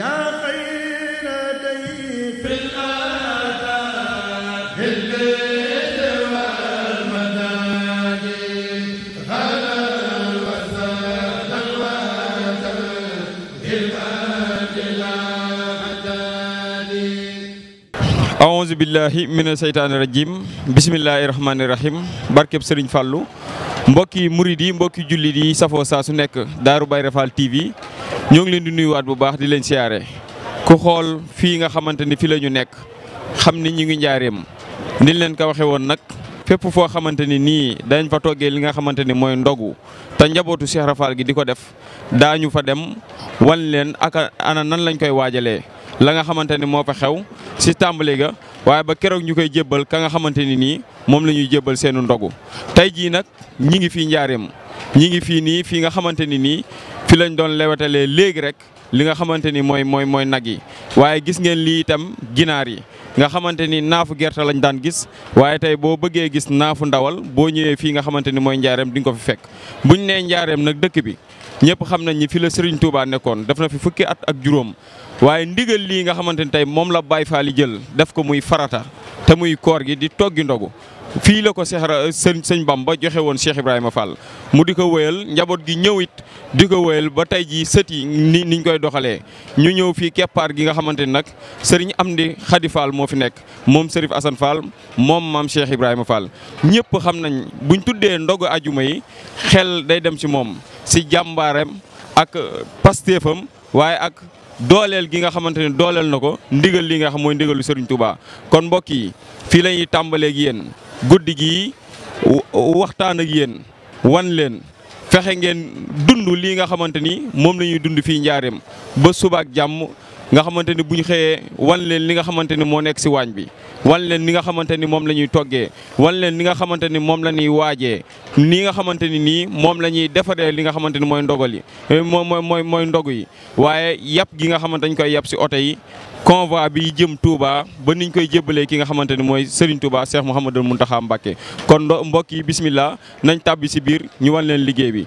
aouzu billahi mina seytaani rajim bisimillahi rahmaani rahim barkeb sëriñ fàllu mbokki murid yi mbokki jullit yi safoo saa su nekk Daaru Bayré Fall TV ñoo ngi leen di nuyuwaat bu baax di leen siyaare ku xool fii nga xamante ni fi la ñu nekk xam ni ñu ngi njaareem niñ leen ko waxee woon nag fépp foo xamante ni nii dañ fa toggee li nga xamante ni mooy ndogu te njabootu Cheikh Rafal gi di ko def daañu fa dem wan leen ak ana nan lañ koy waajalee la nga xamante ni moo fa xew si tàmbali ga waaye ba keroog ñu koy jébbal ka nga xamante ni nii moom la ñuy jébbal seenu ndogu tey jii nag ñi ngi fii njaareem ñi ngi fii nii fii nga xamante ni nii fi lañ doon lewetalee léegi rek li nga xamante ni mooy mooy mooy nag yi waaye gis ngeen lii itam ginaar yi nga xamante ni naafu gerte lañ daan gis waaye tey boo bëggee gis naafu ndawal boo ñëwee fii nga xamante ni mooy njaareem di ko fi fekk bu buñ nee njaareem nag dëkk bi ñëpp xam nañ ñi fi la Serigne Touba nekkoon def na fi fukki at ak juróom waaye ndigal lii nga xamante ni tey moom la faal Fall jël def ko muy farata te muy koor gi di toggi ndogu fii la ko seexara sëñ bam ba joxe woon Cheikh Ibrahima Fall mu di ko wéyal njaboot gi ñëw it di ko wéyal ba tey jii sët yi ni niñ koy doxalee ñu ñëw fii keppaar gi nga xamante ni nag sëriñ di Khady Fall moo fi nekk moom Serif Assane Fall moom maam Cheikh Ibrahima Fall. ñëpp xam nañ buñ tuddee ndogu ajuma yi xel day dem ci moom si jàmbaareem ak euh, pastéefam waaye ak. dooleel gi nga xamante ne dooleel na ko ndigal li nga xam mooy ndigalu Serigne Touba kon mbokk yi fii la ñuy tàmbaleeg yéen guddi gi waxtaan ak yeen wan leen fexe ngeen dund lii nga xamante ni moom la ñuy dund fii njaareem ba suba ak jàmm nga xamante ni bu ñu xëyee wan leen li nga xamante ni moo nekk si waañ bi wan leen ni nga xamante ni moom la ñuy toggee wan leen ni nga xamante ni moom la ñuy waajee ni nga xamante ni nii moom la ñuy defaree li nga xamante ni mooy ndogal yi eh, moom mooy mooy ndogu yi waaye yàpp gi nga xamante dañ koy yàpp si oto yi convoi bi jëm Touba ba nuñ koy jébbalee ki nga xamante ni mooy Serigne Touba Cheikh Mouhamadou Mountakha Mbacké kon mbokk yi bismillah nañ tàbbi si biir ñu wan leen liggéey bi.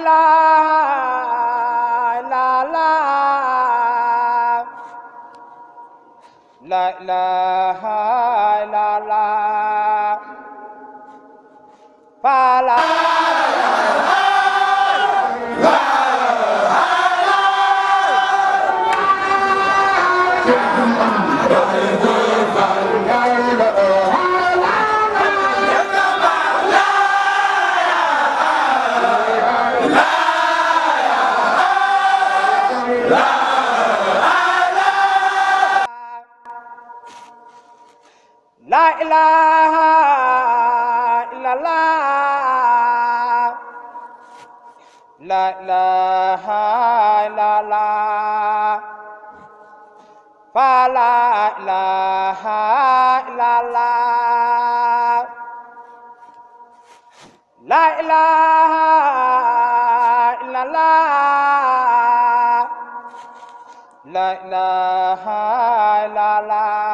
la la la la la la la fa la la la la la ilaha illallah la ilaha illallah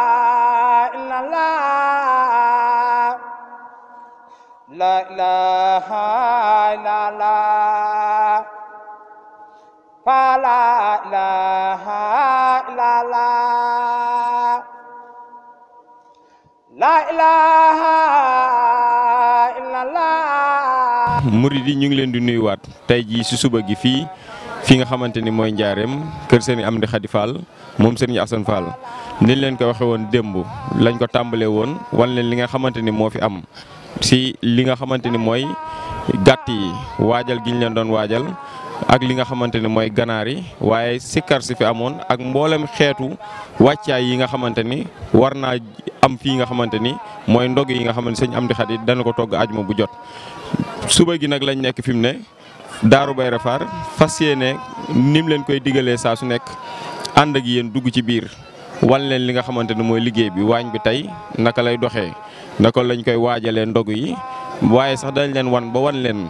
la ilaha la ilaha illallah ñu ngi leen di nuyuwaat tey jii ci suba gi fii fi nga xamante ni mooy njaareem kër am Amdi Khady Fall moom sëriñ Assane Fall niñ leen ko waxe woon démb lañ ko tàmbalee woon wan li nga xamante ni moo fi am si li nga xamante ni mooy gàtt yi waajal gi leen doon waajal ak li nga xamante ni mooy ganaar yi waaye sikkar si fi amoon ak mboolem xeetu wàccaay yi nga xamante ni war naa am fii nga xamante ni mooy ndog yi nga xamante am Amdi Xaadim dana ko togg ajuma bu jot suba gi nag lañ nekk fi mu ne Daaru Bayré Fall fas yéene nim leen koy digalee saa su nekk ànd ak yéen dugg ci biir wan leen li nga xamante ne mooy liggéey bi waañ bi tey naka lay doxee naka lañ koy waajalee ndog yi waaye sax dañ leen wan ba wan leen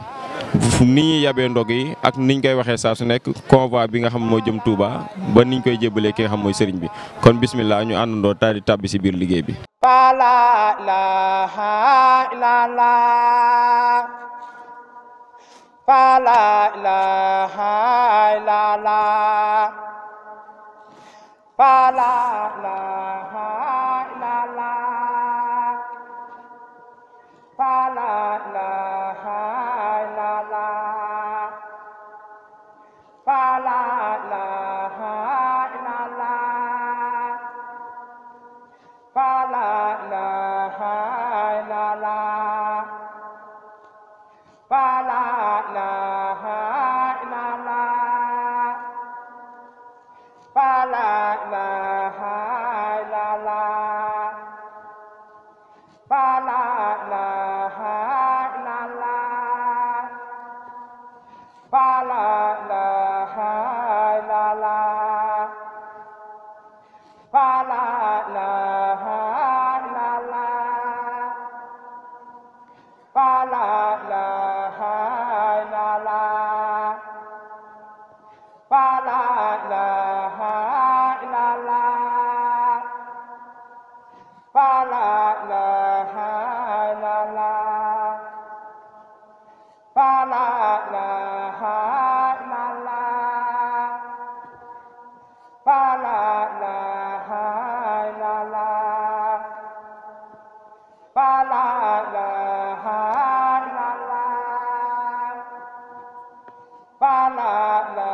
ni ñuy yabee ndog yi ak niñ koy waxee saa su nekk convoi bi nga xam moo jëm Touba ba niñ koy jébalee ki nga xam mooy sëriñ bi kon bismillah ñu àndandoo taal di tàbbi si biir liggéey bi. fa la la la ba la la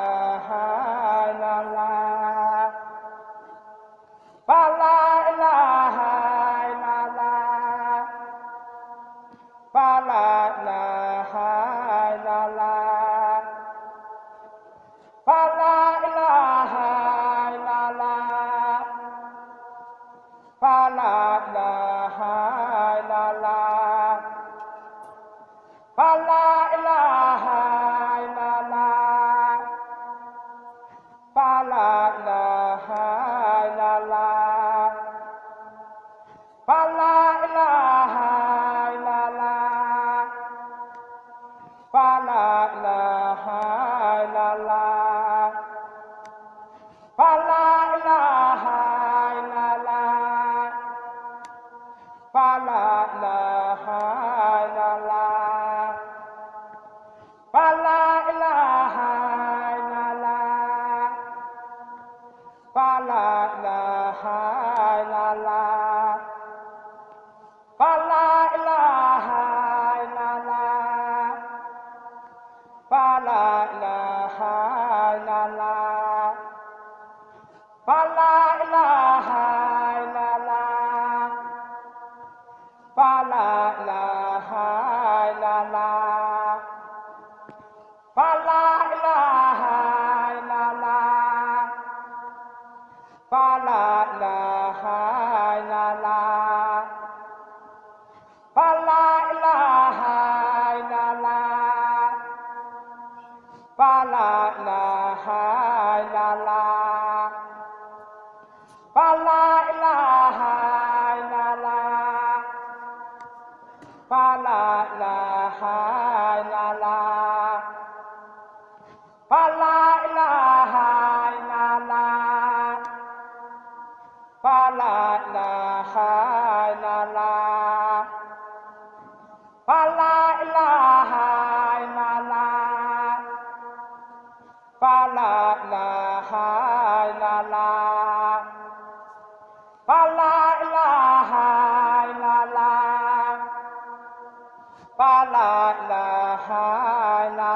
la ilaha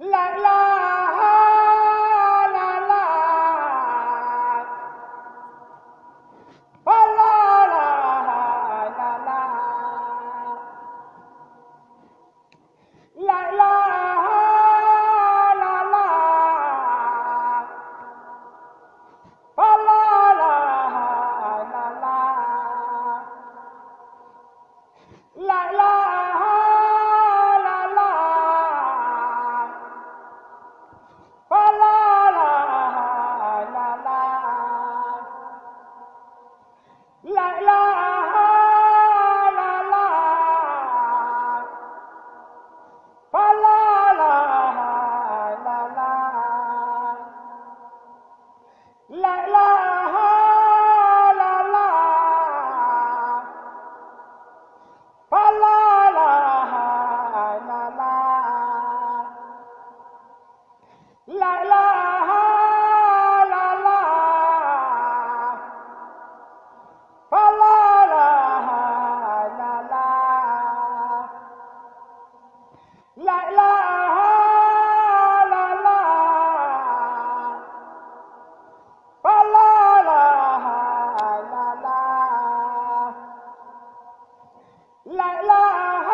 来来。la la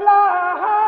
ilaha